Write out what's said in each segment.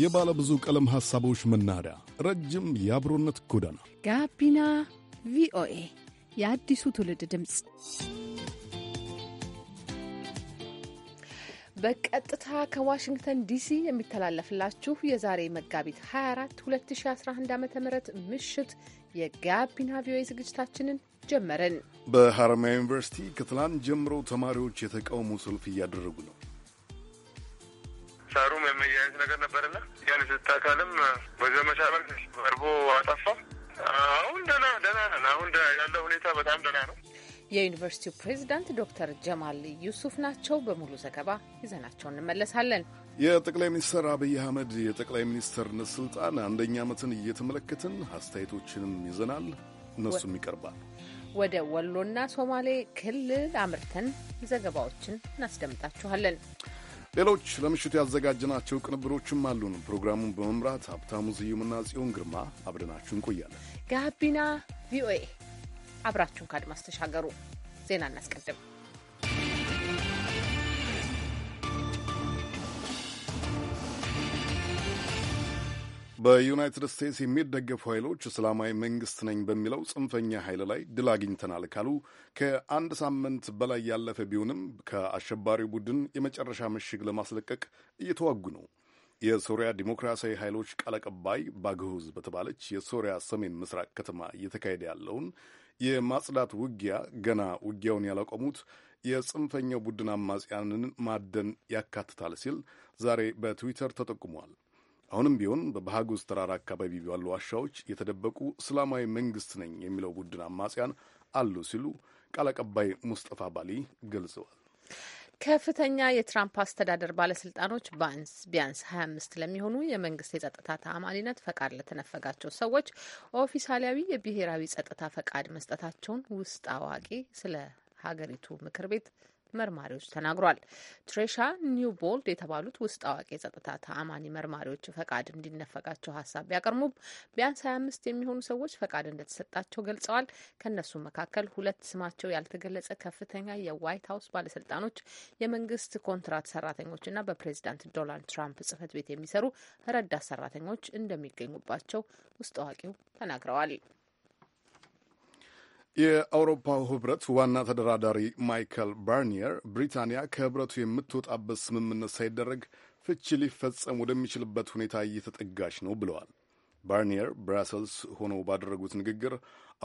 የባለ ብዙ ቀለም ሐሳቦች መናኸሪያ፣ ረጅም የአብሮነት ጎዳና ጋቢና ቪኦኤ የአዲሱ ትውልድ ድምፅ በቀጥታ ከዋሽንግተን ዲሲ የሚተላለፍላችሁ የዛሬ መጋቢት 24 2011 ዓ ም ምሽት የጋቢና ቪኦኤ ዝግጅታችንን ጀመርን። በሐረማያ ዩኒቨርሲቲ ከትላንት ጀምሮ ተማሪዎች የተቃውሞ ሰልፍ እያደረጉ ነው። ሳሩም የመያየት ነገር ነበርና ያን ስት አካልም በዘመቻ መልክ ቀርቦ አጠፋ። አሁን ደና ደና ነን። አሁን ያለው ሁኔታ በጣም ደና ነው። የዩኒቨርሲቲው ፕሬዝዳንት ዶክተር ጀማል ዩሱፍ ናቸው። በሙሉ ዘገባ ይዘናቸው እንመለሳለን። የጠቅላይ ሚኒስትር አብይ አህመድ የጠቅላይ ሚኒስትርነት ስልጣን አንደኛ ዓመትን እየተመለከትን አስተያየቶችንም ይዘናል። እነሱም ይቀርባል። ወደ ወሎና ሶማሌ ክልል አምርተን ዘገባዎችን እናስደምጣችኋለን። ሌሎች ለምሽቱ ያዘጋጀናቸው ቅንብሮችም አሉን። ፕሮግራሙን በመምራት ሀብታሙ ዝዩምና ጽዮን ግርማ አብረናችሁ እንቆያለን። ጋቢና ቪኦኤ አብራችሁን ከአድማስ ተሻገሩ። ዜና እናስቀድም። በዩናይትድ ስቴትስ የሚደገፉ ኃይሎች እስላማዊ መንግስት ነኝ በሚለው ጽንፈኛ ኃይል ላይ ድል አግኝተናል ካሉ ከአንድ ሳምንት በላይ ያለፈ ቢሆንም ከአሸባሪው ቡድን የመጨረሻ ምሽግ ለማስለቀቅ እየተዋጉ ነው። የሶሪያ ዲሞክራሲያዊ ኃይሎች ቃል አቀባይ ባግሁዝ በተባለች የሶሪያ ሰሜን ምስራቅ ከተማ እየተካሄደ ያለውን የማጽዳት ውጊያ ገና ውጊያውን ያላቆሙት የጽንፈኛው ቡድን አማጽያንን ማደን ያካትታል ሲል ዛሬ በትዊተር ተጠቁሟል። አሁንም ቢሆን በባህጉዝ ተራራ አካባቢ ባሉ ዋሻዎች የተደበቁ እስላማዊ መንግስት ነኝ የሚለው ቡድን አማጽያን አሉ ሲሉ ቃል አቀባይ ሙስጠፋ ባሊ ገልጸዋል። ከፍተኛ የትራምፕ አስተዳደር ባለስልጣኖች ባንስ ቢያንስ 25 ለሚሆኑ የመንግስት የጸጥታ ተአማኒነት ፈቃድ ለተነፈጋቸው ሰዎች ኦፊሳላዊ የብሔራዊ ጸጥታ ፈቃድ መስጠታቸውን ውስጥ አዋቂ ስለ ሀገሪቱ ምክር ቤት መርማሪዎች ተናግሯል። ትሬሻ ኒውቦልድ የተባሉት ውስጥ አዋቂ የጸጥታ ተአማኒ መርማሪዎች ፈቃድ እንዲነፈቃቸው ሀሳብ ቢያቀርቡም ቢያንስ ሀያ አምስት የሚሆኑ ሰዎች ፈቃድ እንደተሰጣቸው ገልጸዋል። ከእነሱ መካከል ሁለት ስማቸው ያልተገለጸ ከፍተኛ የዋይት ሀውስ ባለስልጣኖች፣ የመንግስት ኮንትራት ሰራተኞችና በፕሬዚዳንት ዶናልድ ትራምፕ ጽህፈት ቤት የሚሰሩ ረዳት ሰራተኞች እንደሚገኙባቸው ውስጥ አዋቂው ተናግረዋል። የአውሮፓው ህብረት ዋና ተደራዳሪ ማይከል ባርኒየር ብሪታንያ ከህብረቱ የምትወጣበት ስምምነት ሳይደረግ ፍቺ ሊፈጸም ወደሚችልበት ሁኔታ እየተጠጋች ነው ብለዋል። ባርኒየር ብራሰልስ ሆነው ባደረጉት ንግግር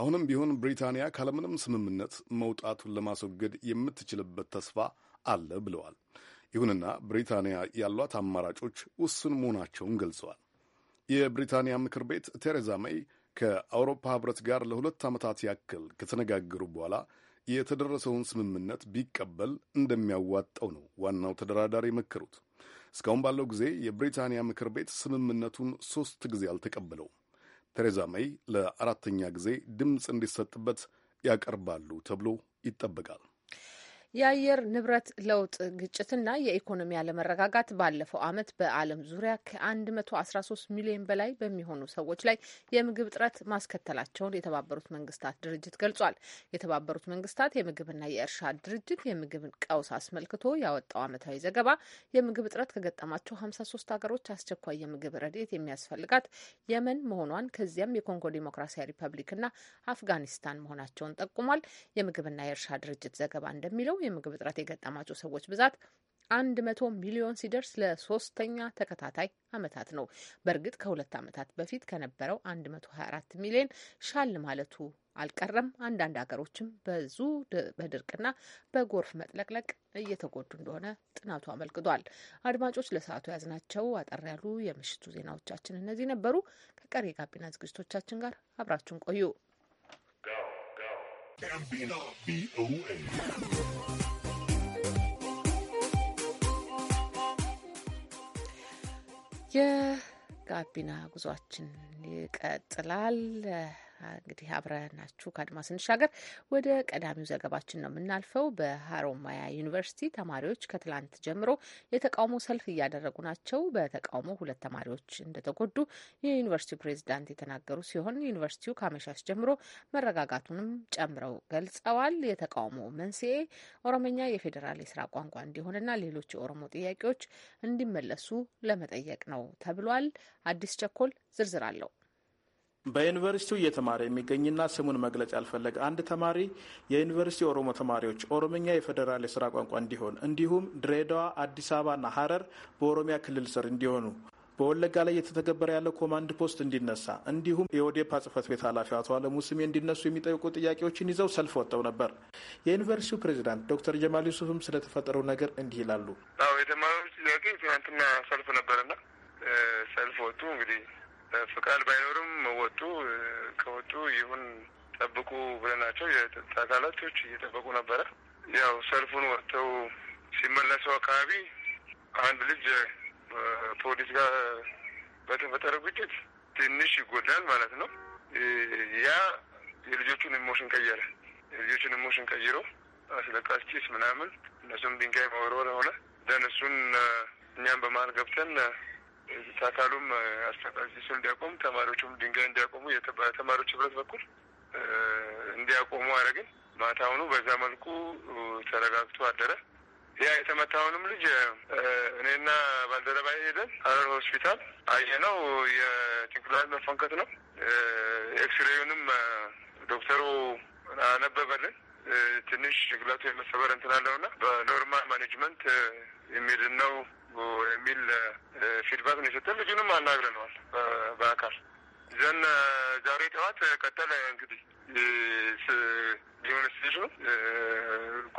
አሁንም ቢሆን ብሪታንያ ካለምንም ስምምነት መውጣቱን ለማስወገድ የምትችልበት ተስፋ አለ ብለዋል። ይሁንና ብሪታንያ ያሏት አማራጮች ውስን መሆናቸውን ገልጸዋል። የብሪታንያ ምክር ቤት ቴሬዛ ሜይ ከአውሮፓ ህብረት ጋር ለሁለት ዓመታት ያክል ከተነጋገሩ በኋላ የተደረሰውን ስምምነት ቢቀበል እንደሚያዋጣው ነው ዋናው ተደራዳሪ የመከሩት። እስካሁን ባለው ጊዜ የብሪታንያ ምክር ቤት ስምምነቱን ሦስት ጊዜ አልተቀበለውም። ቴሬዛ መይ ለአራተኛ ጊዜ ድምፅ እንዲሰጥበት ያቀርባሉ ተብሎ ይጠበቃል። የአየር ንብረት ለውጥ ግጭትና የኢኮኖሚ አለመረጋጋት ባለፈው ዓመት በዓለም ዙሪያ ከ113 ሚሊዮን በላይ በሚሆኑ ሰዎች ላይ የምግብ እጥረት ማስከተላቸውን የተባበሩት መንግስታት ድርጅት ገልጿል። የተባበሩት መንግስታት የምግብና የእርሻ ድርጅት የምግብን ቀውስ አስመልክቶ ያወጣው ዓመታዊ ዘገባ የምግብ እጥረት ከገጠማቸው 53 ሀገሮች አስቸኳይ የምግብ ረድኤት የሚያስፈልጋት የመን መሆኗን ከዚያም የኮንጎ ዲሞክራሲያዊ ሪፐብሊክና አፍጋኒስታን መሆናቸውን ጠቁሟል። የምግብና የእርሻ ድርጅት ዘገባ እንደሚለው የምግብ እጥረት የገጠማቸው ሰዎች ብዛት አንድ መቶ ሚሊዮን ሲደርስ ለሶስተኛ ተከታታይ አመታት ነው። በእርግጥ ከሁለት አመታት በፊት ከነበረው አንድ መቶ ሀያ አራት ሚሊዮን ሻል ማለቱ አልቀረም። አንዳንድ ሀገሮችም በዙ በድርቅና በጎርፍ መጥለቅለቅ እየተጎዱ እንደሆነ ጥናቱ አመልክቷል። አድማጮች ለሰዓቱ ናቸው አጠር ያሉ የምሽቱ ዜናዎቻችን እነዚህ ነበሩ። ከቀሪ የጋቢና ዝግጅቶቻችን ጋር አብራችሁን ቆዩ። የጋቢና ጉዟችን ይቀጥላል። እንግዲህ አብረናችሁ ከአድማስ ስንሻገር ወደ ቀዳሚው ዘገባችን ነው የምናልፈው። በሀሮማያ ዩኒቨርሲቲ ተማሪዎች ከትላንት ጀምሮ የተቃውሞ ሰልፍ እያደረጉ ናቸው። በተቃውሞ ሁለት ተማሪዎች እንደተጎዱ የዩኒቨርሲቲው ፕሬዚዳንት የተናገሩ ሲሆን ዩኒቨርሲቲው ከአመሻሽ ጀምሮ መረጋጋቱንም ጨምረው ገልጸዋል። የተቃውሞ መንስኤ ኦሮምኛ የፌዴራል የስራ ቋንቋ እንዲሆንና ሌሎች የኦሮሞ ጥያቄዎች እንዲመለሱ ለመጠየቅ ነው ተብሏል። አዲስ ቸኮል ዝርዝር አለው። በዩኒቨርሲቲው እየተማረ የሚገኝና ስሙን መግለጽ ያልፈለገ አንድ ተማሪ የዩኒቨርሲቲ ኦሮሞ ተማሪዎች ኦሮምኛ የፌዴራል የስራ ቋንቋ እንዲሆን እንዲሁም ድሬዳዋ፣ አዲስ አበባና ሀረር በኦሮሚያ ክልል ስር እንዲሆኑ በወለጋ ላይ እየተተገበረ ያለው ኮማንድ ፖስት እንዲነሳ እንዲሁም የኦዴፓ ጽህፈት ቤት ኃላፊ አቶ አለሙ ስሜ እንዲነሱ የሚጠይቁ ጥያቄዎችን ይዘው ሰልፍ ወጥተው ነበር። የዩኒቨርሲቲው ፕሬዚዳንት ዶክተር ጀማል ዩሱፍም ስለተፈጠረው ነገር እንዲህ ይላሉ። የተማሪዎች ጥያቄ ትናንትና ሰልፍ ነበርና ሰልፍ ወጡ እንግዲህ ፍቃድ ባይኖርም ወጡ። ከወጡ ይሁን ጠብቁ ብለናቸው የጸጥታ አካላቶች እየጠበቁ ነበረ። ያው ሰልፉን ወጥተው ሲመለሰው አካባቢ አንድ ልጅ ፖሊስ ጋር በተፈጠረ ግጭት ትንሽ ይጎዳል ማለት ነው። ያ የልጆቹን ኢሞሽን ቀየረ። የልጆቹን ኢሞሽን ቀይሮ አስለቃሽ ጭስ ምናምን፣ እነሱም ድንጋይ መወርወር ሆነ። ደን እሱን እኛም በመሀል ገብተን አካሉም አስተቃቂሱን እንዲያቆሙ ተማሪዎቹም ድንጋይ እንዲያቆሙ የተማሪዎች ህብረት በኩል እንዲያቆሙ አረግን ማታውኑ በዛ መልኩ ተረጋግቶ አደረ። ያ የተመታውንም ልጅ እኔና ባልደረባ ሄደን ሀረር ሆስፒታል አየነው። የጭንቅላት መፈንከት ነው። ኤክስሬዩንም ዶክተሩ አነበበልን። ትንሽ ጭንቅላቱ የመሰበር እንትን አለውና በኖርማል ማኔጅመንት የሚድን ነው የሚል ፊድባክ ነው የሰጠን። ልጁንም አናግረነዋል በአካል ዘን ዛሬ ጠዋት ቀጠለ። እንግዲህ ሊሆን ነው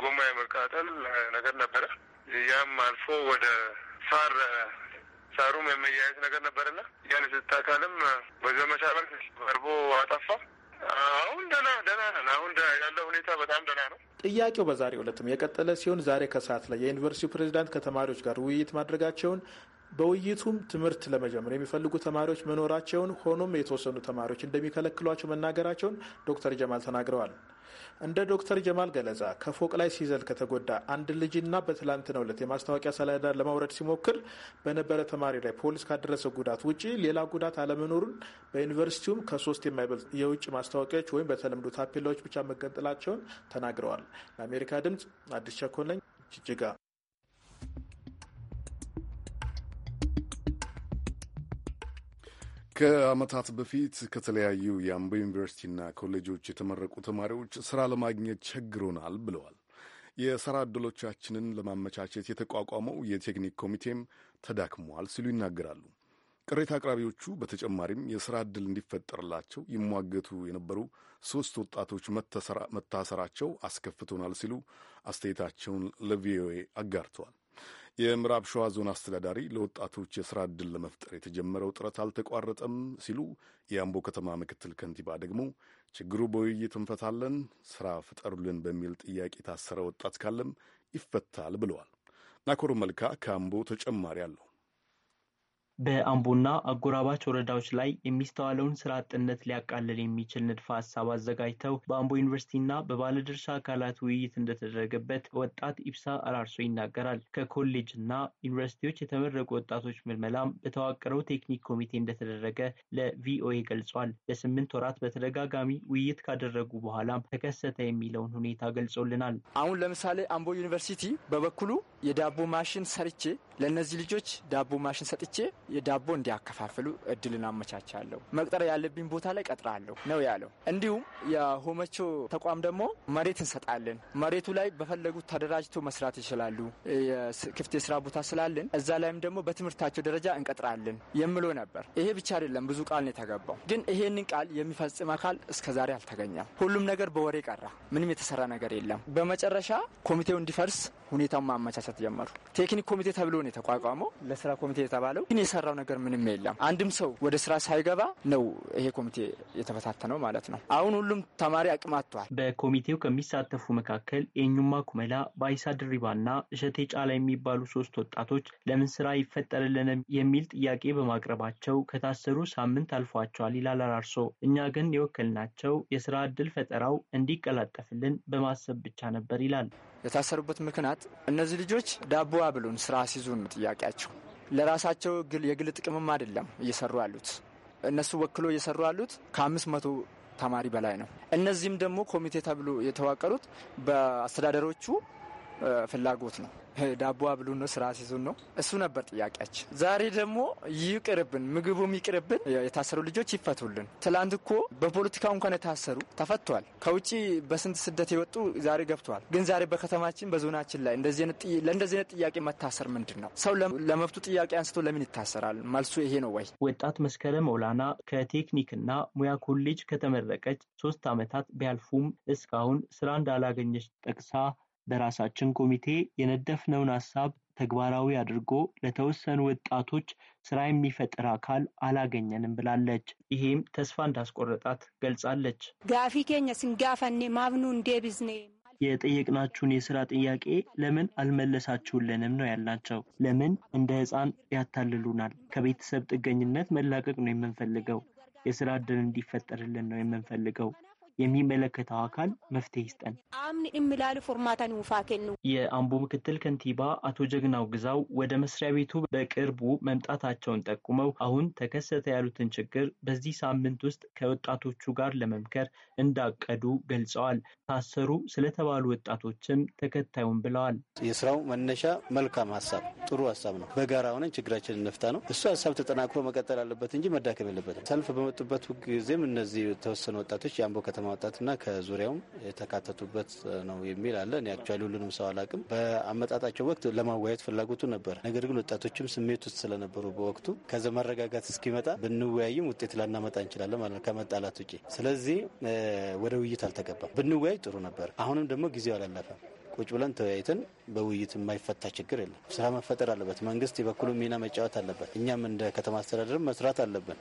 ጎማ የመቃጠል ነገር ነበረ። ያም አልፎ ወደ ሳር ሳሩም የመያየት ነገር ነበረና ያን ስት አካልም በዘመቻ መልክ ቀርቦ አጠፋ። አሁን ደህና ደህና ነን። አሁን ያለው ሁኔታ በጣም ደህና ነው። ጥያቄው በዛሬው ዕለትም የቀጠለ ሲሆን ዛሬ ከሰዓት ላይ የዩኒቨርሲቲው ፕሬዚዳንት ከተማሪዎች ጋር ውይይት ማድረጋቸውን በውይይቱም ትምህርት ለመጀመር የሚፈልጉ ተማሪዎች መኖራቸውን ሆኖም የተወሰኑ ተማሪዎች እንደሚከለክሏቸው መናገራቸውን ዶክተር ጀማል ተናግረዋል። እንደ ዶክተር ጀማል ገለጻ ከፎቅ ላይ ሲዘል ከተጎዳ አንድ ልጅና በትላንትናው ዕለት የማስታወቂያ ሰሌዳ ለማውረድ ሲሞክር በነበረ ተማሪ ላይ ፖሊስ ካደረሰ ጉዳት ውጪ ሌላ ጉዳት አለመኖሩን በዩኒቨርሲቲውም ከሶስት የማይበልጥ የውጭ ማስታወቂያዎች ወይም በተለምዶ ታፔላዎች ብቻ መገንጠላቸውን ተናግረዋል። ለአሜሪካ ድምጽ አዲስ ቸኮለኝ ጅጅጋ ከዓመታት በፊት ከተለያዩ የአምቦ ዩኒቨርሲቲና ኮሌጆች የተመረቁ ተማሪዎች ስራ ለማግኘት ቸግሮናል ብለዋል። የሥራ ዕድሎቻችንን ለማመቻቸት የተቋቋመው የቴክኒክ ኮሚቴም ተዳክሟል ሲሉ ይናገራሉ። ቅሬታ አቅራቢዎቹ በተጨማሪም የሥራ ዕድል እንዲፈጠርላቸው ይሟገቱ የነበሩ ሦስት ወጣቶች መታሰራቸው አስከፍቶናል ሲሉ አስተያየታቸውን ለቪኦኤ አጋርተዋል። የምዕራብ ሸዋ ዞን አስተዳዳሪ ለወጣቶች የሥራ ዕድል ለመፍጠር የተጀመረው ጥረት አልተቋረጠም ሲሉ፣ የአምቦ ከተማ ምክትል ከንቲባ ደግሞ ችግሩ በውይይት እንፈታለን፣ ሥራ ፍጠሩልን በሚል ጥያቄ የታሰረ ወጣት ካለም ይፈታል ብለዋል። ናኮር መልካ ከአምቦ ተጨማሪ አለው። በአምቦና አጎራባች ወረዳዎች ላይ የሚስተዋለውን ስራ አጥነት ሊያቃልል የሚችል ንድፈ ሀሳብ አዘጋጅተው በአምቦ ዩኒቨርሲቲና በባለድርሻ አካላት ውይይት እንደተደረገበት ወጣት ኢብሳ አራርሶ ይናገራል። እና ዩኒቨርሲቲዎች የተመረቁ ወጣቶች ምልመላም በተዋቀረው ቴክኒክ ኮሚቴ እንደተደረገ ለቪኦኤ ገልጿል። ለስምንት ወራት በተደጋጋሚ ውይይት ካደረጉ በኋላም ተከሰተ የሚለውን ሁኔታ ገልጾልናል። አሁን ለምሳሌ አምቦ ዩኒቨርሲቲ በበኩሉ የዳቦ ማሽን ሰርቼ ለእነዚህ ልጆች ዳቦ ማሽን ሰጥቼ የዳቦ እንዲያከፋፍሉ እድልን አመቻቻለሁ። መቅጠር ያለብኝ ቦታ ላይ ቀጥራለሁ ነው ያለው። እንዲሁም የሆመቾ ተቋም ደግሞ መሬት እንሰጣለን። መሬቱ ላይ በፈለጉት ተደራጅቶ መስራት ይችላሉ። ክፍት የስራ ቦታ ስላለን እዛ ላይም ደግሞ በትምህርታቸው ደረጃ እንቀጥራለን የምሎ ነበር። ይሄ ብቻ አይደለም፣ ብዙ ቃል ነው የተገባው። ግን ይሄንን ቃል የሚፈጽም አካል እስከዛሬ አልተገኘም። ሁሉም ነገር በወሬ ቀራ። ምንም የተሰራ ነገር የለም። በመጨረሻ ኮሚቴው እንዲፈርስ ሁኔታውን ማመቻቸት ጀመሩ። ቴክኒክ ኮሚቴ ተብሎ ነው የተቋቋመው ለስራ ኮሚቴ የተባለው ግን የተሰራው ነገር ምንም የለም። አንድም ሰው ወደ ስራ ሳይገባ ነው ይሄ ኮሚቴ የተበታተነው ማለት ነው። አሁን ሁሉም ተማሪ አቅም አጥቷል። በኮሚቴው ከሚሳተፉ መካከል የኙማ ኩመላ፣ ባይሳ ድሪባና እሸቴ ጫላ የሚባሉ ሶስት ወጣቶች ለምን ስራ ይፈጠርልን የሚል ጥያቄ በማቅረባቸው ከታሰሩ ሳምንት አልፏቸዋል ይላል አራርሶ። እኛ ግን የወከልናቸው የስራ እድል ፈጠራው እንዲቀላጠፍልን በማሰብ ብቻ ነበር ይላል። የታሰሩበት ምክንያት እነዚህ ልጆች ዳቦ አብሉን ስራ ሲዙን ጥያቄያቸው ለራሳቸው የግል ጥቅምም አይደለም እየሰሩ ያሉት እነሱ ወክሎ እየሰሩ ያሉት ከአምስት መቶ ተማሪ በላይ ነው። እነዚህም ደግሞ ኮሚቴ ተብሎ የተዋቀሩት በአስተዳደሮቹ ፍላጎት ነው። ዳቦ አብሉን ነው፣ ስራ ሲዙን ነው። እሱ ነበር ጥያቄያችን። ዛሬ ደግሞ ይቅርብን፣ ምግቡም ይቅርብን፣ የታሰሩ ልጆች ይፈቱልን። ትላንት እኮ በፖለቲካ እንኳን የታሰሩ ተፈቷል። ከውጭ በስንት ስደት የወጡ ዛሬ ገብተዋል። ግን ዛሬ በከተማችን በዞናችን ላይ ለእንደዚህ አይነት ጥያቄ መታሰር ምንድን ነው? ሰው ለመብቱ ጥያቄ አንስቶ ለምን ይታሰራል? መልሱ ይሄ ነው ወይ? ወጣት መስከረም መውላና ከቴክኒክና ሙያ ኮሌጅ ከተመረቀች ሶስት ዓመታት ቢያልፉም እስካሁን ስራ እንዳላገኘች ጠቅሳ በራሳችን ኮሚቴ የነደፍነውን ሀሳብ ተግባራዊ አድርጎ ለተወሰኑ ወጣቶች ስራ የሚፈጥር አካል አላገኘንም ብላለች። ይህም ተስፋ እንዳስቆረጣት ገልጻለች። ጋፊ ስንጋፈኔ ማብኑ የጠየቅናችሁን የስራ ጥያቄ ለምን አልመለሳችሁልንም ነው ያልናቸው። ለምን እንደ ህፃን ያታልሉናል። ከቤተሰብ ጥገኝነት መላቀቅ ነው የምንፈልገው። የስራ እድል እንዲፈጠርልን ነው የምንፈልገው። የሚመለከተው አካል መፍትሄ ይስጠን። የአምቦ ምክትል ከንቲባ አቶ ጀግናው ግዛው ወደ መስሪያ ቤቱ በቅርቡ መምጣታቸውን ጠቁመው አሁን ተከሰተ ያሉትን ችግር በዚህ ሳምንት ውስጥ ከወጣቶቹ ጋር ለመምከር እንዳቀዱ ገልጸዋል። ታሰሩ ስለተባሉ ወጣቶችም ተከታዩን ብለዋል። የስራው መነሻ መልካም ሀሳብ ጥሩ ሀሳብ ነው። በጋራ ሆነን ችግራችን እንፍታ ነው። እሱ ሀሳብ ተጠናክሮ መቀጠል አለበት እንጂ መዳከም የለበትም። ሰልፍ በመጡበት ጊዜም እነዚህ የተወሰኑ ወጣቶች የአምቦ ከተማ ወጣትና ከዙሪያውም የተካተቱበት ነው የሚል አለ። እኔ አክቹዋሊ ሁሉንም ሰው አላቅም። በአመጣጣቸው ወቅት ለማወያየት ፍላጎቱ ነበር። ነገር ግን ወጣቶችም ስሜት ውስጥ ስለነበሩ በወቅቱ ከዚ መረጋጋት እስኪመጣ ብንወያይም ውጤት ላናመጣ እንችላለን ማለት ከመጣላት ውጭ። ስለዚህ ወደ ውይይት አልተገባም። ብንወያይ ጥሩ ነበር። አሁንም ደግሞ ጊዜው አላለፈም። ቁጭ ብለን ተወያይተን በውይይት የማይፈታ ችግር የለም። ስራ መፈጠር አለበት። መንግስት የበኩሉ ሚና መጫወት አለበት። እኛም እንደ ከተማ አስተዳደር መስራት አለብን።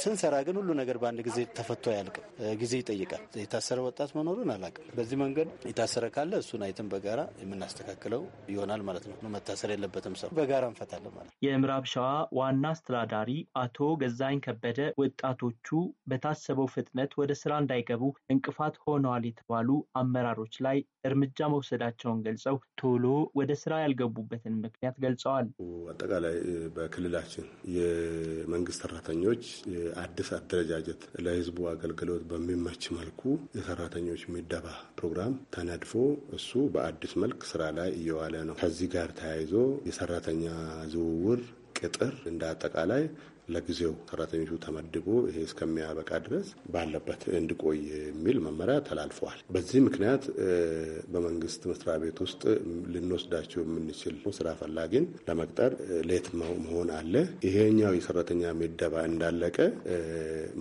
ስንሰራ ግን ሁሉ ነገር በአንድ ጊዜ ተፈቶ አያልቅም። ጊዜ ይጠይቃል። የታሰረ ወጣት መኖሩን አላውቅም። በዚህ መንገድ የታሰረ ካለ እሱን አይተን በጋራ የምናስተካክለው ይሆናል ማለት ነው። መታሰር የለበትም ሰው በጋራ እንፈታለን ማለት የምዕራብ ሸዋ ዋና አስተዳዳሪ አቶ ገዛኝ ከበደ ወጣቶቹ በታሰበው ፍጥነት ወደ ስራ እንዳይገቡ እንቅፋት ሆነዋል የተባሉ አመራሮች ላይ እርምጃ መውሰዳቸውን ገልጸው ቶሎ ወደ ስራ ያልገቡበትን ምክንያት ገልጸዋል። አጠቃላይ በክልላችን የመንግስት ሰራተኞች አዲስ አደረጃጀት ለህዝቡ አገልግሎት በሚመች መልኩ የሰራተኞች ምደባ ፕሮግራም ተነድፎ እሱ በአዲስ መልክ ስራ ላይ እየዋለ ነው። ከዚህ ጋር ተያይዞ የሰራተኛ ዝውውር ቅጥር እንደ አጠቃላይ ለጊዜው ሰራተኞቹ ተመድቦ ይሄ እስከሚያበቃ ድረስ ባለበት እንዲቆይ የሚል መመሪያ ተላልፈዋል። በዚህ ምክንያት በመንግስት መስሪያ ቤት ውስጥ ልንወስዳቸው የምንችል ስራ ፈላጊን ለመቅጠር ሌት መሆን አለ። ይሄኛው የሰራተኛ ምደባ እንዳለቀ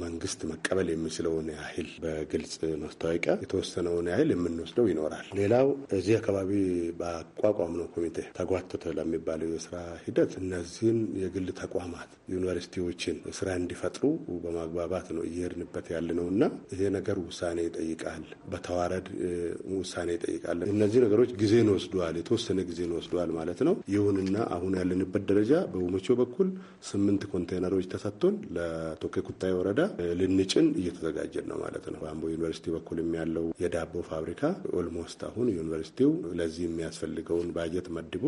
መንግስት መቀበል የሚችለውን ያህል በግልጽ ማስታወቂያ የተወሰነውን ያህል የምንወስደው ይኖራል። ሌላው እዚህ አካባቢ በአቋቋም ነው ኮሚቴ ተጓተተ ለሚባለው የስራ ሂደት እነዚህን የግል ተቋማት ዩኒቨርሲቲ ዩኒቨርሲቲዎችን ስራ እንዲፈጥሩ በማግባባት ነው እየሄድንበት ያለ ነው እና ይሄ ነገር ውሳኔ ይጠይቃል። በተዋረድ ውሳኔ ይጠይቃል። እነዚህ ነገሮች ጊዜን ወስደዋል፣ የተወሰነ ጊዜን ወስደዋል ማለት ነው። ይሁንና አሁን ያለንበት ደረጃ በውመቾ በኩል ስምንት ኮንቴነሮች ተሰጥቶን ለቶኬ ኩታይ ወረዳ ልንጭን እየተዘጋጀን ነው ማለት ነው። በአምቦ ዩኒቨርሲቲ በኩልም ያለው የዳቦ ፋብሪካ ኦልሞስት አሁን ዩኒቨርሲቲው ለዚህ የሚያስፈልገውን ባጀት መድቦ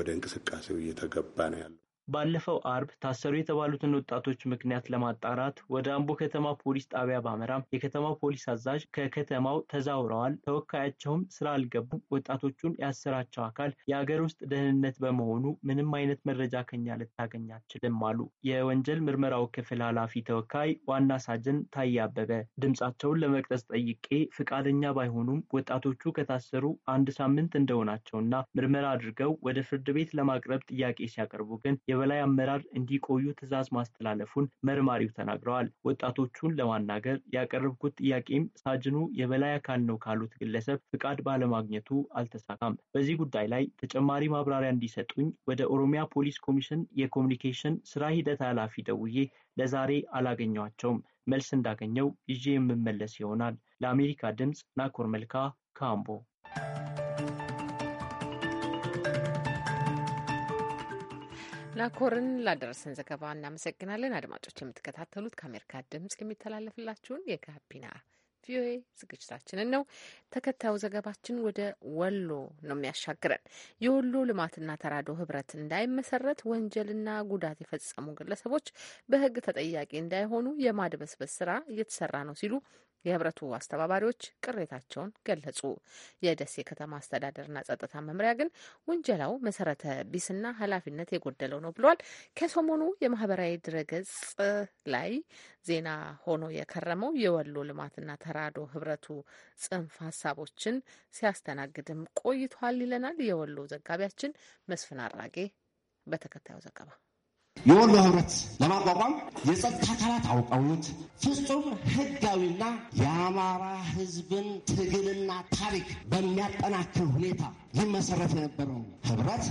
ወደ እንቅስቃሴው እየተገባ ነው ያለው። ባለፈው አርብ ታሰሩ የተባሉትን ወጣቶች ምክንያት ለማጣራት ወደ አምቦ ከተማ ፖሊስ ጣቢያ ባመራም የከተማው ፖሊስ አዛዥ ከከተማው ተዛውረዋል፣ ተወካያቸውም ስራ አልገቡም፣ ወጣቶቹን ያሰራቸው አካል የሀገር ውስጥ ደህንነት በመሆኑ ምንም አይነት መረጃ ከኛ ልታገኝ አትችልም አሉ። የወንጀል ምርመራው ክፍል ኃላፊ ተወካይ ዋና ሳጅን ታዬ አበበ ድምጻቸውን ለመቅረጽ ጠይቄ ፍቃደኛ ባይሆኑም ወጣቶቹ ከታሰሩ አንድ ሳምንት እንደሆናቸውና ምርመራ አድርገው ወደ ፍርድ ቤት ለማቅረብ ጥያቄ ሲያቀርቡ ግን በላይ አመራር እንዲቆዩ ትዕዛዝ ማስተላለፉን መርማሪው ተናግረዋል። ወጣቶቹን ለማናገር ያቀረብኩት ጥያቄም ሳጅኑ የበላይ አካል ነው ካሉት ግለሰብ ፍቃድ ባለማግኘቱ አልተሳካም። በዚህ ጉዳይ ላይ ተጨማሪ ማብራሪያ እንዲሰጡኝ ወደ ኦሮሚያ ፖሊስ ኮሚሽን የኮሚኒኬሽን ስራ ሂደት ኃላፊ ደውዬ ለዛሬ አላገኘዋቸውም። መልስ እንዳገኘው ይዤ የምመለስ ይሆናል። ለአሜሪካ ድምፅ ናኮር መልካ ካምቦ ናኮርን ላደረሰን ዘገባ እናመሰግናለን። አድማጮች የምትከታተሉት ከአሜሪካ ድምጽ የሚተላለፍላችሁን የጋቢና ቪኦኤ ዝግጅታችንን ነው። ተከታዩ ዘገባችን ወደ ወሎ ነው የሚያሻግረን። የወሎ ልማትና ተራድኦ ህብረት እንዳይመሰረት ወንጀልና ጉዳት የፈጸሙ ግለሰቦች በህግ ተጠያቂ እንዳይሆኑ የማድበስበስ ስራ እየተሰራ ነው ሲሉ የህብረቱ አስተባባሪዎች ቅሬታቸውን ገለጹ። የደሴ ከተማ አስተዳደርና ጸጥታ መምሪያ ግን ውንጀላው መሰረተ ቢስና ኃላፊነት የጎደለው ነው ብሏል። ከሰሞኑ የማህበራዊ ድረገጽ ላይ ዜና ሆኖ የከረመው የወሎ ልማትና ተራዶ ህብረቱ ጽንፍ ሀሳቦችን ሲያስተናግድም ቆይቷል ይለናል የወሎ ዘጋቢያችን መስፍን አራጌ በተከታዩ ዘገባ የወሎ ህብረት ለማቋቋም የጸጥታ አካላት አውቀውት ፍጹም ህጋዊና የአማራ ህዝብን ትግልና ታሪክ በሚያጠናክር ሁኔታ ይመሰረት የነበረው ህብረት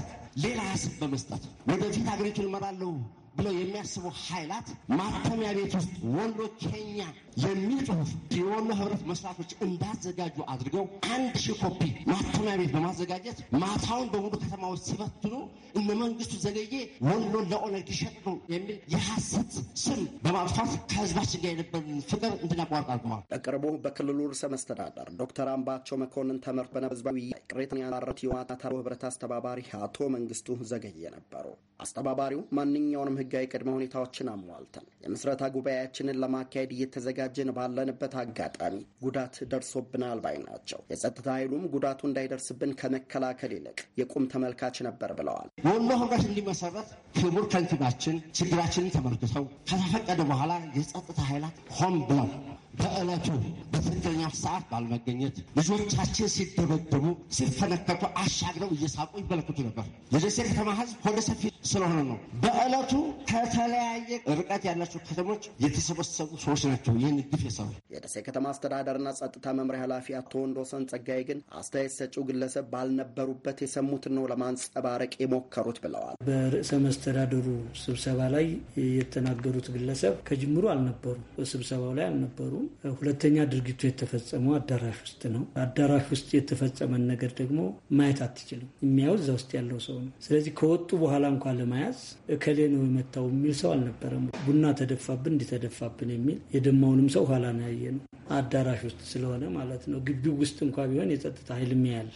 ሌላ ስም በመስጠት ወደፊት አገሪቱን እመራለሁ ብለው የሚያስቡ ኃይላት ማተሚያ ቤት ውስጥ ወንዶች ኬኛ የሚል ጽሁፍ የወሎ ህብረት መስራቶች እንዳዘጋጁ አድርገው አንድ ሺህ ኮፒ ማተሚያ ቤት በማዘጋጀት ማታውን በሙሉ ከተማ ውስጥ ሲበትኑ እነ መንግስቱ ዘገየ ወሎን ለኦነግ ሊሸጥ ነው የሚል የሐሰት ስም በማጥፋት ከህዝባችን ጋር የነበረን ፍቅር እንድናቋርጥ አድርገዋል። በቅርቡ በክልሉ ርዕሰ መስተዳደር ዶክተር አምባቸው መኮንን ተመርቶ በነበዝባዊ ቅሬታን ያባረት የዋታ ህብረት አስተባባሪ አቶ መንግስቱ ዘገየ ነበሩ። አስተባባሪው ማንኛውንም ህግ ህጋዊ ቅድመ ሁኔታዎችን አሟልተን የምስረታ ጉባኤያችንን ለማካሄድ እየተዘጋጀን ባለንበት አጋጣሚ ጉዳት ደርሶብናል ባይ ናቸው። የጸጥታ ኃይሉም ጉዳቱ እንዳይደርስብን ከመከላከል ይልቅ የቁም ተመልካች ነበር ብለዋል። ወሎ ህብረት እንዲመሰረት ክቡር ከንቲባችን ችግራችንን ተመልክተው ከተፈቀደ በኋላ የጸጥታ ኃይላት ሆን ብለው በዕለቱ በፍርደኛው ሰዓት ባልመገኘት ልጆቻችን ሲደበደቡ ሲፈነከቱ አሻግረው እየሳቁ ይመለከቱ ነበር። የደሴ ከተማ ህዝብ ሆደ ሰፊ ስለሆነ ነው። በዕለቱ ከተለያየ ርቀት ያላቸው ከተሞች የተሰበሰቡ ሰዎች ናቸው ይህን ግፍ የሰሩ። የደሴ ከተማ አስተዳደርና ጸጥታ መምሪያ ኃላፊ አቶ ወንዶሰን ጸጋይ ግን አስተያየት ሰጪው ግለሰብ ባልነበሩበት የሰሙትን ነው ለማንጸባረቅ የሞከሩት ብለዋል። በርዕሰ መስተዳደሩ ስብሰባ ላይ የተናገሩት ግለሰብ ከጅምሩ አልነበሩ፣ በስብሰባው ላይ አልነበሩ ሁለተኛ ድርጊቱ የተፈጸመው አዳራሽ ውስጥ ነው። አዳራሽ ውስጥ የተፈጸመን ነገር ደግሞ ማየት አትችልም። የሚያየው እዛ ውስጥ ያለው ሰው ነው። ስለዚህ ከወጡ በኋላ እንኳ ለመያዝ እከሌ ነው የመታው የሚል ሰው አልነበረም። ቡና ተደፋብን እንዲተደፋብን የሚል የደማውንም ሰው ኋላ ነው ያየ ነው። አዳራሽ ውስጥ ስለሆነ ማለት ነው። ግቢው ውስጥ እንኳ ቢሆን የጸጥታ ኃይል የሚያል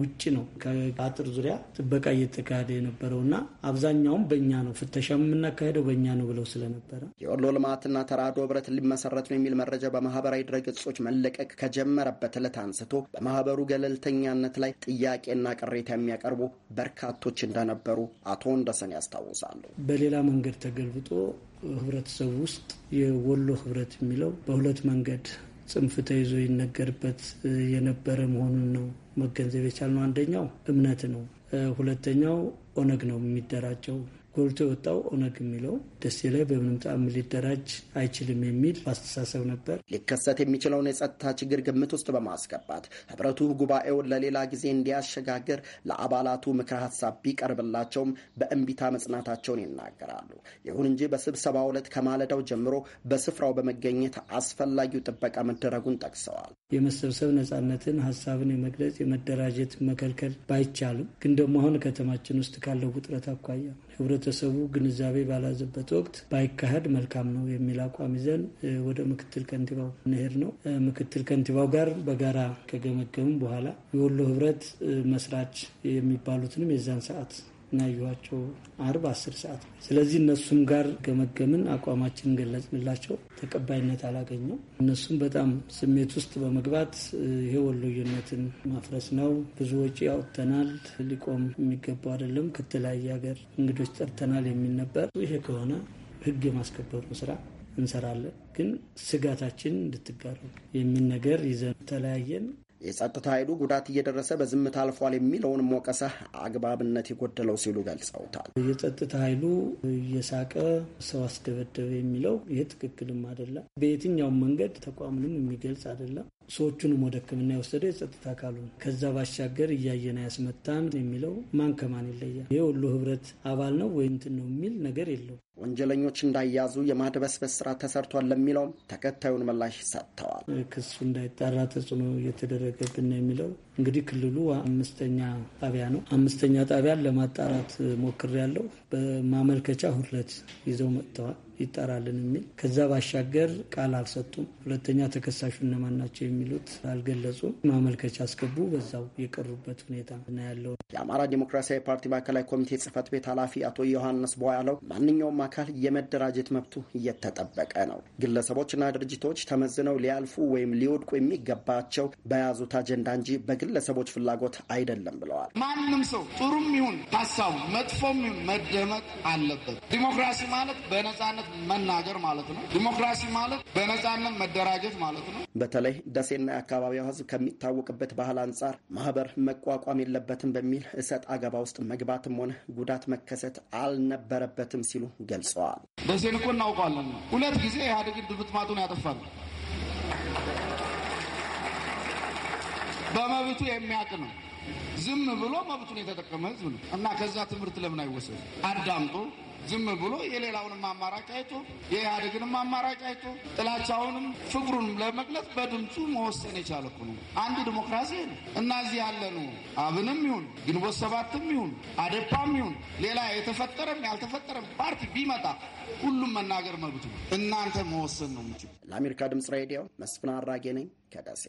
ውጭ ነው ከአጥር ዙሪያ ጥበቃ እየተካሄደ የነበረው እና አብዛኛውም በእኛ ነው፣ ፍተሻ የምናካሄደው በእኛ ነው ብለው ስለነበረ የወሎ ልማትና ተራዶ ህብረት ሊመሰረት ነው የሚል መረ መረጃ በማህበራዊ ድረገጾች መለቀቅ ከጀመረበት ዕለት አንስቶ በማህበሩ ገለልተኛነት ላይ ጥያቄና ቅሬታ የሚያቀርቡ በርካቶች እንደነበሩ አቶ ወንደሰን ያስታውሳሉ። በሌላ መንገድ ተገልብጦ ህብረተሰቡ ውስጥ የወሎ ህብረት የሚለው በሁለት መንገድ ጽንፍ ተይዞ ይነገርበት የነበረ መሆኑን ነው መገንዘብ የቻልነው። አንደኛው እምነት ነው፣ ሁለተኛው ኦነግ ነው የሚደራጀው። ጎልቶ የወጣው ኦነግ የሚለው ደሴ ላይ በምንም ጣም ሊደራጅ አይችልም የሚል አስተሳሰብ ነበር። ሊከሰት የሚችለውን የጸጥታ ችግር ግምት ውስጥ በማስገባት ህብረቱ ጉባኤውን ለሌላ ጊዜ እንዲያሸጋግር ለአባላቱ ምክረ ሀሳብ ቢቀርብላቸውም በእንቢታ መጽናታቸውን ይናገራሉ። ይሁን እንጂ በስብሰባው ዕለት ከማለዳው ጀምሮ በስፍራው በመገኘት አስፈላጊው ጥበቃ መደረጉን ጠቅሰዋል። የመሰብሰብ ነጻነትን፣ ሀሳብን የመግለጽ የመደራጀት መከልከል ባይቻልም ግን ደግሞ አሁን ከተማችን ውስጥ ካለው ውጥረት አኳያ ህብረተሰቡ ግንዛቤ ባላዘበት ወቅት ባይካሄድ መልካም ነው የሚል አቋም ይዘን ወደ ምክትል ከንቲባው ንሄድ ነው። ምክትል ከንቲባው ጋር በጋራ ከገመገሙ በኋላ የወሎ ህብረት መስራች የሚባሉትንም የዛን ሰዓት እና አርብ አስር ሰዓት ነው። ስለዚህ እነሱም ጋር ገመገምን፣ አቋማችንን ገለጽንላቸው። ተቀባይነት አላገኘው። እነሱም በጣም ስሜት ውስጥ በመግባት ይሄ ወሎየነትን ማፍረስ ነው፣ ብዙ ወጪ ያወጥተናል፣ ሊቆም የሚገባው አይደለም፣ ከተለያየ ሀገር እንግዶች ጠርተናል የሚል ነበር። ይሄ ከሆነ ህግ የማስከበሩን ስራ እንሰራለን፣ ግን ስጋታችን እንድትጋሩ የሚል ነገር ይዘን ተለያየን። የጸጥታ ኃይሉ ጉዳት እየደረሰ በዝምታ አልፏል የሚለውን ሞቀሰ አግባብነት የጎደለው ሲሉ ገልጸውታል። የጸጥታ ኃይሉ እየሳቀ ሰው አስደበደበ የሚለው ይህ ትክክልም አይደለም። በየትኛውም መንገድ ተቋምንም የሚገልጽ አይደለም። ሰዎቹንም ወደ ሕክምና የወሰደ የጸጥታ አካሉ ነው። ከዛ ባሻገር እያየን ያስመታን የሚለው ማን ከማን ይለያል? ይህ ሁሉ ህብረት አባል ነው ወይ እንትን ነው የሚል ነገር የለው። ወንጀለኞች እንዳያዙ የማድበስበስ ስራ ተሰርቷል ለሚለውም ተከታዩን ምላሽ ሰጥተዋል። ክሱ እንዳይጣራ ተጽዕኖ እየተደረገብን ነው የሚለው እንግዲህ ክልሉ አምስተኛ ጣቢያ ነው። አምስተኛ ጣቢያን ለማጣራት ሞክሬያለሁ። በማመልከቻ ሁለት ይዘው መጥተዋል። ይጠራልን የሚል ከዛ ባሻገር ቃል አልሰጡም። ሁለተኛ ተከሳሹ እነማን ናቸው የሚሉት አልገለጹም። ማመልከቻ አስገቡ፣ በዛው የቀሩበት ሁኔታ ና ያለው የአማራ ዲሞክራሲያዊ ፓርቲ ማዕከላዊ ኮሚቴ ጽህፈት ቤት ኃላፊ አቶ ዮሐንስ ያለው ማንኛውም አካል የመደራጀት መብቱ እየተጠበቀ ነው። ግለሰቦችና ድርጅቶች ተመዝነው ሊያልፉ ወይም ሊወድቁ የሚገባቸው በያዙት አጀንዳ እንጂ በግለሰቦች ፍላጎት አይደለም ብለዋል። ማንም ሰው ጥሩም ይሁን ሀሳቡ መጥፎም መደመጥ አለበት። ዲሞክራሲ ማለት በነጻነት ማለት መናገር ማለት ነው። ዲሞክራሲ ማለት በነጻነት መደራጀት ማለት ነው። በተለይ ደሴና የአካባቢው ህዝብ ከሚታወቅበት ባህል አንጻር ማህበር መቋቋም የለበትም በሚል እሰጥ አገባ ውስጥ መግባትም ሆነ ጉዳት መከሰት አልነበረበትም ሲሉ ገልጸዋል። ደሴን እኮ እናውቋለን። ሁለት ጊዜ ኢህአዴግን ድምጥማጡን ያጠፋል በመብቱ የሚያውቅ ነው። ዝም ብሎ መብቱን የተጠቀመ ህዝብ ነው እና ከዛ ትምህርት ለምን አይወሰድ አዳምጦ ዝም ብሎ የሌላውንም አማራጭ አይቶ የኢህአዴግንም አማራጭ አይቶ ጥላቻውንም ፍቅሩንም ለመግለጽ በድምፁ መወሰን የቻለ እኮ ነው አንዱ ዲሞክራሲ ነው። እና እዚህ ያለኑ አብንም ይሁን ግንቦት ሰባትም ይሁን አዴፓም ይሁን ሌላ የተፈጠረም ያልተፈጠረም ፓርቲ ቢመጣ ሁሉም መናገር መብት ነው። እናንተ መወሰን ነው ለአሜሪካ ድምፅ ሬዲዮ መስፍን አራጌ ነኝ ከደሴ።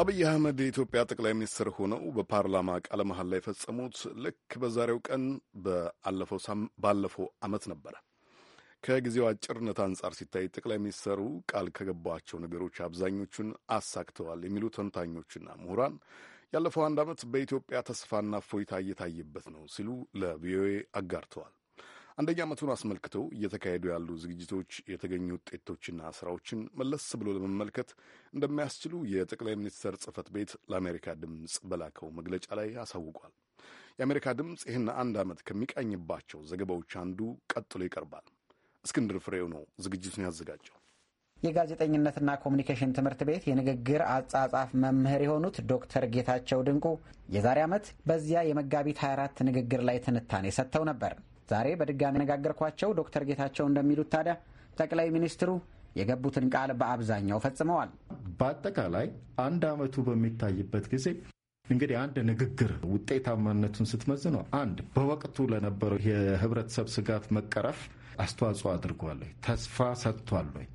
አብይ አህመድ የኢትዮጵያ ጠቅላይ ሚኒስትር ሆነው በፓርላማ ቃለ መሐላ ላይ የፈጸሙት ልክ በዛሬው ቀን ባለፈው ዓመት ነበረ። ከጊዜው አጭርነት አንጻር ሲታይ ጠቅላይ ሚኒስትሩ ቃል ከገቧቸው ነገሮች አብዛኞቹን አሳክተዋል የሚሉ ተንታኞችና ምሁራን ያለፈው አንድ ዓመት በኢትዮጵያ ተስፋና እፎይታ እየታየበት ነው ሲሉ ለቪኦኤ አጋርተዋል። አንደኛ ዓመቱን አስመልክቶ እየተካሄዱ ያሉ ዝግጅቶች የተገኙ ውጤቶችና ስራዎችን መለስ ብሎ ለመመልከት እንደሚያስችሉ የጠቅላይ ሚኒስትር ጽህፈት ቤት ለአሜሪካ ድምፅ በላከው መግለጫ ላይ አሳውቋል። የአሜሪካ ድምፅ ይህን አንድ ዓመት ከሚቃኝባቸው ዘገባዎች አንዱ ቀጥሎ ይቀርባል። እስክንድር ፍሬው ነው ዝግጅቱን ያዘጋጀው። የጋዜጠኝነትና ኮሚኒኬሽን ትምህርት ቤት የንግግር አጻጻፍ መምህር የሆኑት ዶክተር ጌታቸው ድንቁ የዛሬ ዓመት በዚያ የመጋቢት 24 ንግግር ላይ ትንታኔ ሰጥተው ነበር። ዛሬ በድጋሚ ያነጋገርኳቸው ዶክተር ጌታቸው እንደሚሉት ታዲያ ጠቅላይ ሚኒስትሩ የገቡትን ቃል በአብዛኛው ፈጽመዋል። በአጠቃላይ አንድ ዓመቱ በሚታይበት ጊዜ እንግዲህ አንድ ንግግር ውጤታማነቱን ስትመዝነው አንድ በወቅቱ ለነበረው የህብረተሰብ ስጋት መቀረፍ አስተዋጽኦ አድርጓል ወይ? ተስፋ ሰጥቷል ወይ?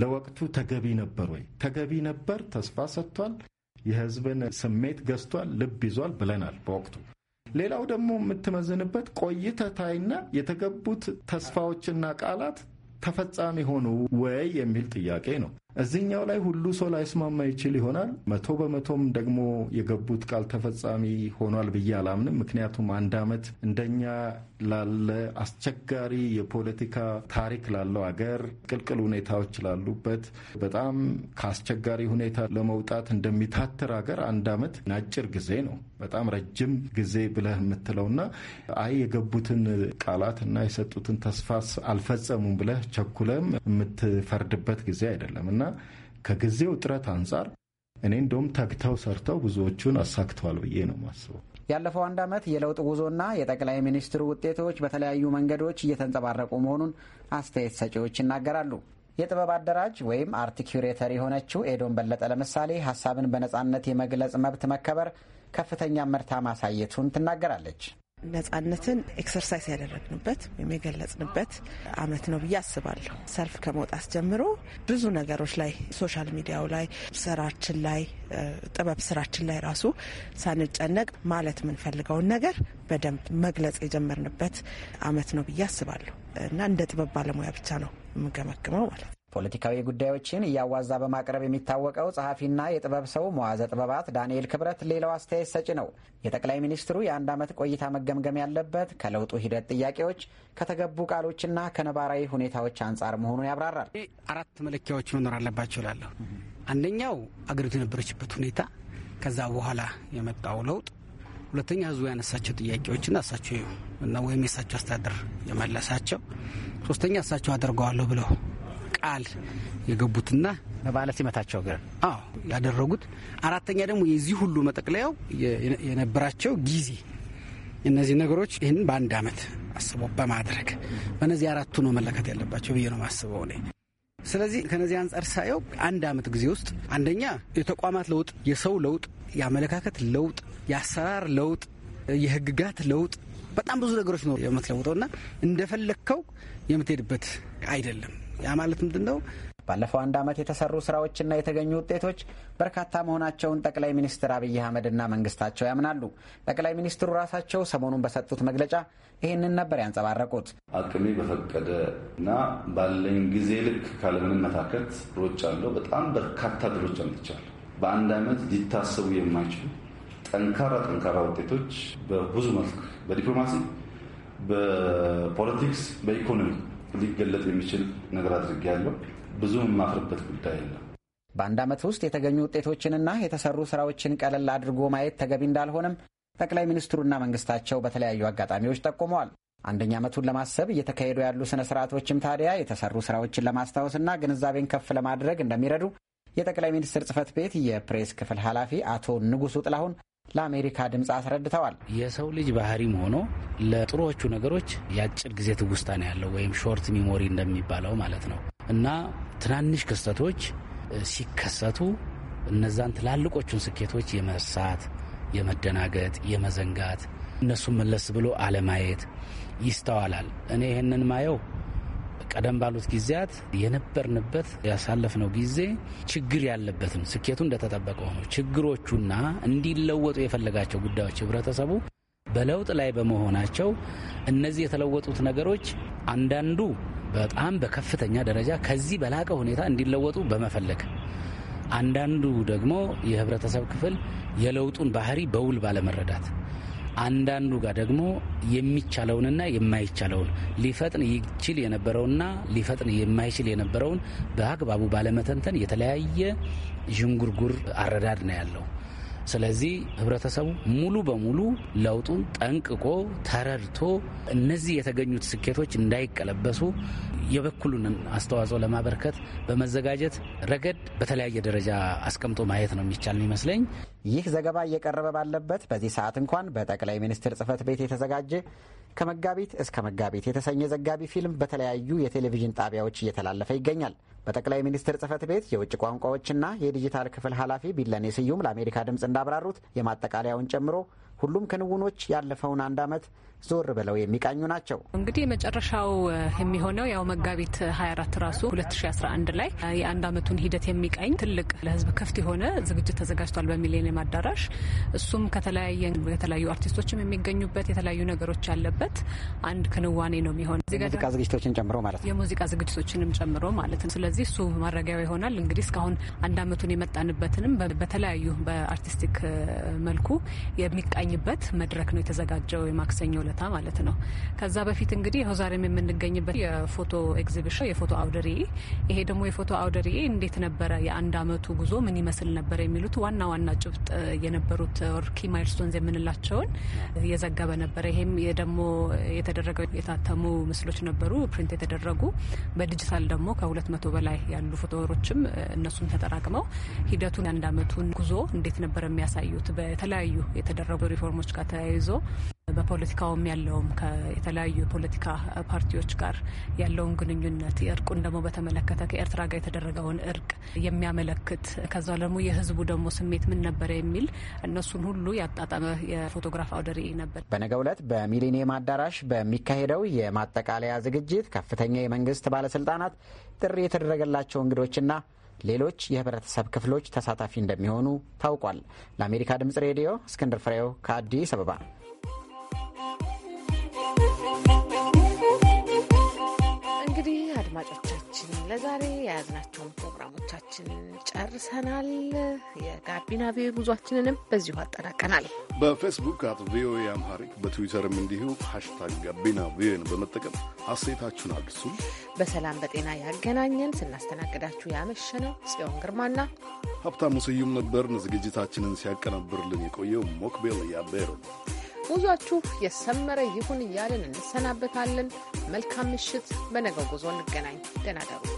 ለወቅቱ ተገቢ ነበር ወይ? ተገቢ ነበር፣ ተስፋ ሰጥቷል፣ የህዝብን ስሜት ገዝቷል፣ ልብ ይዟል ብለናል በወቅቱ ሌላው ደግሞ የምትመዝንበት ቆይተ ታይና የተገቡት ተስፋዎችና ቃላት ተፈጻሚ ሆኑ ወይ የሚል ጥያቄ ነው። እዚህኛው ላይ ሁሉ ሰው ላይስማማ ይችል ይሆናል። መቶ በመቶም ደግሞ የገቡት ቃል ተፈጻሚ ሆኗል ብዬ አላምንም። ምክንያቱም አንድ ዓመት እንደኛ ላለ አስቸጋሪ የፖለቲካ ታሪክ ላለው አገር ቅልቅል ሁኔታዎች ላሉበት በጣም ከአስቸጋሪ ሁኔታ ለመውጣት እንደሚታትር አገር አንድ ዓመት አጭር ጊዜ ነው። በጣም ረጅም ጊዜ ብለህ የምትለውና አይ የገቡትን ቃላት እና የሰጡትን ተስፋ አልፈጸሙም ብለህ ቸኩለም የምትፈርድበት ጊዜ አይደለም እና ከጊዜው ጥረት አንጻር እኔ እንደውም ተግተው ሰርተው ብዙዎቹን አሳክተዋል ብዬ ነው ማስበው። ያለፈው አንድ ዓመት የለውጥ ጉዞና የጠቅላይ ሚኒስትሩ ውጤቶች በተለያዩ መንገዶች እየተንጸባረቁ መሆኑን አስተያየት ሰጪዎች ይናገራሉ። የጥበብ አደራጅ ወይም አርት ኪውሬተር የሆነችው ኤዶን በለጠ ለምሳሌ ሀሳብን በነጻነት የመግለጽ መብት መከበር ከፍተኛ ምርታ ማሳየቱን ትናገራለች። ነጻነትን ኤክሰርሳይዝ ያደረግንበት ወይም የገለጽንበት አመት ነው ብዬ አስባለሁ። ሰልፍ ከመውጣት ጀምሮ ብዙ ነገሮች ላይ ሶሻል ሚዲያው ላይ፣ ስራችን ላይ፣ ጥበብ ስራችን ላይ ራሱ ሳንጨነቅ ማለት የምንፈልገውን ነገር በደንብ መግለጽ የጀመርንበት አመት ነው ብዬ አስባለሁ እና እንደ ጥበብ ባለሙያ ብቻ ነው የምገመግመው ማለት ነው። ፖለቲካዊ ጉዳዮችን እያዋዛ በማቅረብ የሚታወቀው ጸሐፊና የጥበብ ሰው መዋዘ ጥበባት ዳንኤል ክብረት ሌላው አስተያየት ሰጪ ነው። የጠቅላይ ሚኒስትሩ የአንድ ዓመት ቆይታ መገምገም ያለበት ከለውጡ ሂደት ጥያቄዎች፣ ከተገቡ ቃሎችና ከነባራዊ ሁኔታዎች አንጻር መሆኑን ያብራራል። አራት መለኪያዎች መኖር አለባቸው እላለሁ። አንደኛው አገሪቱ የነበረችበት ሁኔታ፣ ከዛ በኋላ የመጣው ለውጥ፣ ሁለተኛ ህዝቡ ያነሳቸው ጥያቄዎችና እሳቸው እና ወይም የእሳቸው አስተዳደር የመለሳቸው፣ ሶስተኛ እሳቸው አደርገዋለሁ ብለው ቃል የገቡትና በባለ ሲመታቸው ግን አዎ ያደረጉት። አራተኛ ደግሞ የዚህ ሁሉ መጠቅለያው የነበራቸው ጊዜ እነዚህ ነገሮች ይህን በአንድ ዓመት አስቦ በማድረግ በነዚህ አራቱ ነው መለከት ያለባቸው ብዬ ነው ማስበው እኔ። ስለዚህ ከነዚህ አንጻር ሳየው አንድ ዓመት ጊዜ ውስጥ አንደኛ የተቋማት ለውጥ፣ የሰው ለውጥ፣ የአመለካከት ለውጥ፣ የአሰራር ለውጥ፣ የህግጋት ለውጥ በጣም ብዙ ነገሮች ነው የምትለውጠውና እንደፈለግከው የምትሄድበት አይደለም። ያ ማለት ምንድን ነው? ባለፈው አንድ ዓመት የተሰሩ ስራዎችና የተገኙ ውጤቶች በርካታ መሆናቸውን ጠቅላይ ሚኒስትር አብይ አህመድና መንግስታቸው ያምናሉ። ጠቅላይ ሚኒስትሩ ራሳቸው ሰሞኑን በሰጡት መግለጫ ይህንን ነበር ያንጸባረቁት። አቅሜ በፈቀደ እና ባለኝ ጊዜ ልክ ካለምንም መታከት ድሮች አለው። በጣም በርካታ ድሮች አምጥቻለሁ። በአንድ ዓመት ሊታሰቡ የማይችሉ ጠንካራ ጠንካራ ውጤቶች በብዙ መልክ በዲፕሎማሲ፣ በፖለቲክስ፣ በኢኮኖሚ ሊገለጥ የሚችል ነገር አድርጌያለሁ። ብዙ የማፍርበት ጉዳይ የለም። በአንድ ዓመት ውስጥ የተገኙ ውጤቶችንና የተሰሩ ስራዎችን ቀለል አድርጎ ማየት ተገቢ እንዳልሆነም ጠቅላይ ሚኒስትሩና መንግስታቸው በተለያዩ አጋጣሚዎች ጠቁመዋል። አንደኛ ዓመቱን ለማሰብ እየተካሄዱ ያሉ ስነ ስርዓቶችም ታዲያ የተሰሩ ስራዎችን ለማስታወስና ግንዛቤን ከፍ ለማድረግ እንደሚረዱ የጠቅላይ ሚኒስትር ጽህፈት ቤት የፕሬስ ክፍል ኃላፊ አቶ ንጉሱ ጥላሁን ለአሜሪካ ድምፅ አስረድተዋል። የሰው ልጅ ባህሪም ሆኖ ለጥሩዎቹ ነገሮች የአጭር ጊዜ ትውስታ ነው ያለው ወይም ሾርት ሚሞሪ እንደሚባለው ማለት ነው እና ትናንሽ ክስተቶች ሲከሰቱ እነዛን ትላልቆቹን ስኬቶች የመርሳት፣ የመደናገጥ፣ የመዘንጋት እነሱን መለስ ብሎ አለማየት ይስተዋላል። እኔ ይህንን ማየው ቀደም ባሉት ጊዜያት የነበርንበት ያሳለፍነው ጊዜ ችግር ያለበትም ስኬቱ እንደተጠበቀ ሆኖ ችግሮቹና እንዲለወጡ የፈለጋቸው ጉዳዮች ህብረተሰቡ በለውጥ ላይ በመሆናቸው እነዚህ የተለወጡት ነገሮች አንዳንዱ በጣም በከፍተኛ ደረጃ ከዚህ በላቀ ሁኔታ እንዲለወጡ በመፈለግ አንዳንዱ ደግሞ የህብረተሰብ ክፍል የለውጡን ባህሪ በውል ባለመረዳት አንዳንዱ ጋር ደግሞ የሚቻለውንና የማይቻለውን ሊፈጥን ይችል የነበረውና ሊፈጥን የማይችል የነበረውን በአግባቡ ባለመተንተን የተለያየ ዥንጉርጉር አረዳድ ነው ያለው። ስለዚህ ህብረተሰቡ ሙሉ በሙሉ ለውጡን ጠንቅቆ ተረድቶ እነዚህ የተገኙት ስኬቶች እንዳይቀለበሱ የበኩሉንን አስተዋጽኦ ለማበርከት በመዘጋጀት ረገድ በተለያየ ደረጃ አስቀምጦ ማየት ነው የሚቻል ይመስለኝ። ይህ ዘገባ እየቀረበ ባለበት በዚህ ሰዓት እንኳን በጠቅላይ ሚኒስትር ጽህፈት ቤት የተዘጋጀ ከመጋቢት እስከ መጋቢት የተሰኘ ዘጋቢ ፊልም በተለያዩ የቴሌቪዥን ጣቢያዎች እየተላለፈ ይገኛል። በጠቅላይ ሚኒስትር ጽህፈት ቤት የውጭ ቋንቋዎችና የዲጂታል ክፍል ኃላፊ ቢለኔ ስዩም ለአሜሪካ ድምፅ እንዳብራሩት የማጠቃለያውን ጨምሮ ሁሉም ክንውኖች ያለፈውን አንድ ዓመት ዞር ብለው የሚቃኙ ናቸው። እንግዲህ የመጨረሻው የሚሆነው ያው መጋቢት 24 ራሱ 2011 ላይ የአንድ ዓመቱን ሂደት የሚቃኝ ትልቅ ለሕዝብ ክፍት የሆነ ዝግጅት ተዘጋጅቷል በሚሌኒየም አዳራሽ። እሱም ከተለያየ የተለያዩ አርቲስቶችም የሚገኙበት የተለያዩ ነገሮች ያለበት አንድ ክንዋኔ ነው የሚሆነው ሙዚቃ ዝግጅቶችን ጨምሮ ማለት ነው። የሙዚቃ ዝግጅቶችንም ጨምሮ ማለት ነው። ስለዚህ እሱ ማድረጊያው ይሆናል። እንግዲህ እስካሁን አንድ ዓመቱን የመጣንበትንም በተለያዩ በአርቲስቲክ መልኩ የሚቃኝ የምንገኝበት መድረክ ነው የተዘጋጀው የማክሰኞ ለታ ማለት ነው። ከዛ በፊት እንግዲህ ይኸው ዛሬም የምንገኝበት የፎቶ ኤግዚቢሽን የፎቶ አውደሪ ይሄ ደግሞ የፎቶ አውደሪ እንዴት ነበረ፣ የአንድ አመቱ ጉዞ ምን ይመስል ነበር የሚሉት ዋና ዋና ጭብጥ የነበሩት ኦርኪ ማይልስቶንዝ የምንላቸውን እየዘገበ ነበረ። ይሄም ደግሞ የተደረገው የታተሙ ምስሎች ነበሩ ፕሪንት የተደረጉ በዲጂታል ደግሞ ከሁለት መቶ በላይ ያሉ ፎቶዎችም እነሱን ተጠራቅመው ሂደቱን የአንድ አመቱን ጉዞ እንዴት ነበር የሚያሳዩት በተለያዩ የተደረጉ ሪፎርሞች ጋር ተያይዞ በፖለቲካውም ያለውም የተለያዩ የፖለቲካ ፓርቲዎች ጋር ያለውን ግንኙነት የእርቁን ደግሞ በተመለከተ ከኤርትራ ጋር የተደረገውን እርቅ የሚያመለክት ከዛ ደግሞ የህዝቡ ደግሞ ስሜት ምን ነበረ የሚል እነሱን ሁሉ ያጣጠመ የፎቶግራፍ አውደ ርዕይ ነበር። በነገ ዕለት በሚሊኒየም አዳራሽ በሚካሄደው የማጠቃለያ ዝግጅት ከፍተኛ የመንግስት ባለስልጣናት ጥሪ የተደረገላቸው እንግዶችና ሌሎች የህብረተሰብ ክፍሎች ተሳታፊ እንደሚሆኑ ታውቋል። ለአሜሪካ ድምጽ ሬዲዮ እስክንድር ፍሬው ከአዲስ አበባ። እንግዲህ አድማጮች ለዛሬ የያዝናቸውን ፕሮግራሞቻችንን ጨርሰናል። የጋቢና ቪኦኤ ጉዟችንንም በዚሁ አጠናቀናል። በፌስቡክ አት ቪኦኤ አምሃሪክ በትዊተርም እንዲሁ ሀሽታግ ጋቢና ቪኦኤን በመጠቀም አስተያየታችሁን አድርሱ። በሰላም በጤና ያገናኘን። ስናስተናግዳችሁ ያመሸነው ጽዮን ግርማና ሀብታሙ ስዩም ነበርን። ዝግጅታችንን ሲያቀናብርልን የቆየው ሞክቤል ያቤሮ። ጉዟችሁ የሰመረ ይሁን እያልን እንሰናበታለን። መልካም ምሽት። በነገው ጉዞ እንገናኝ። ደህና ደሩ።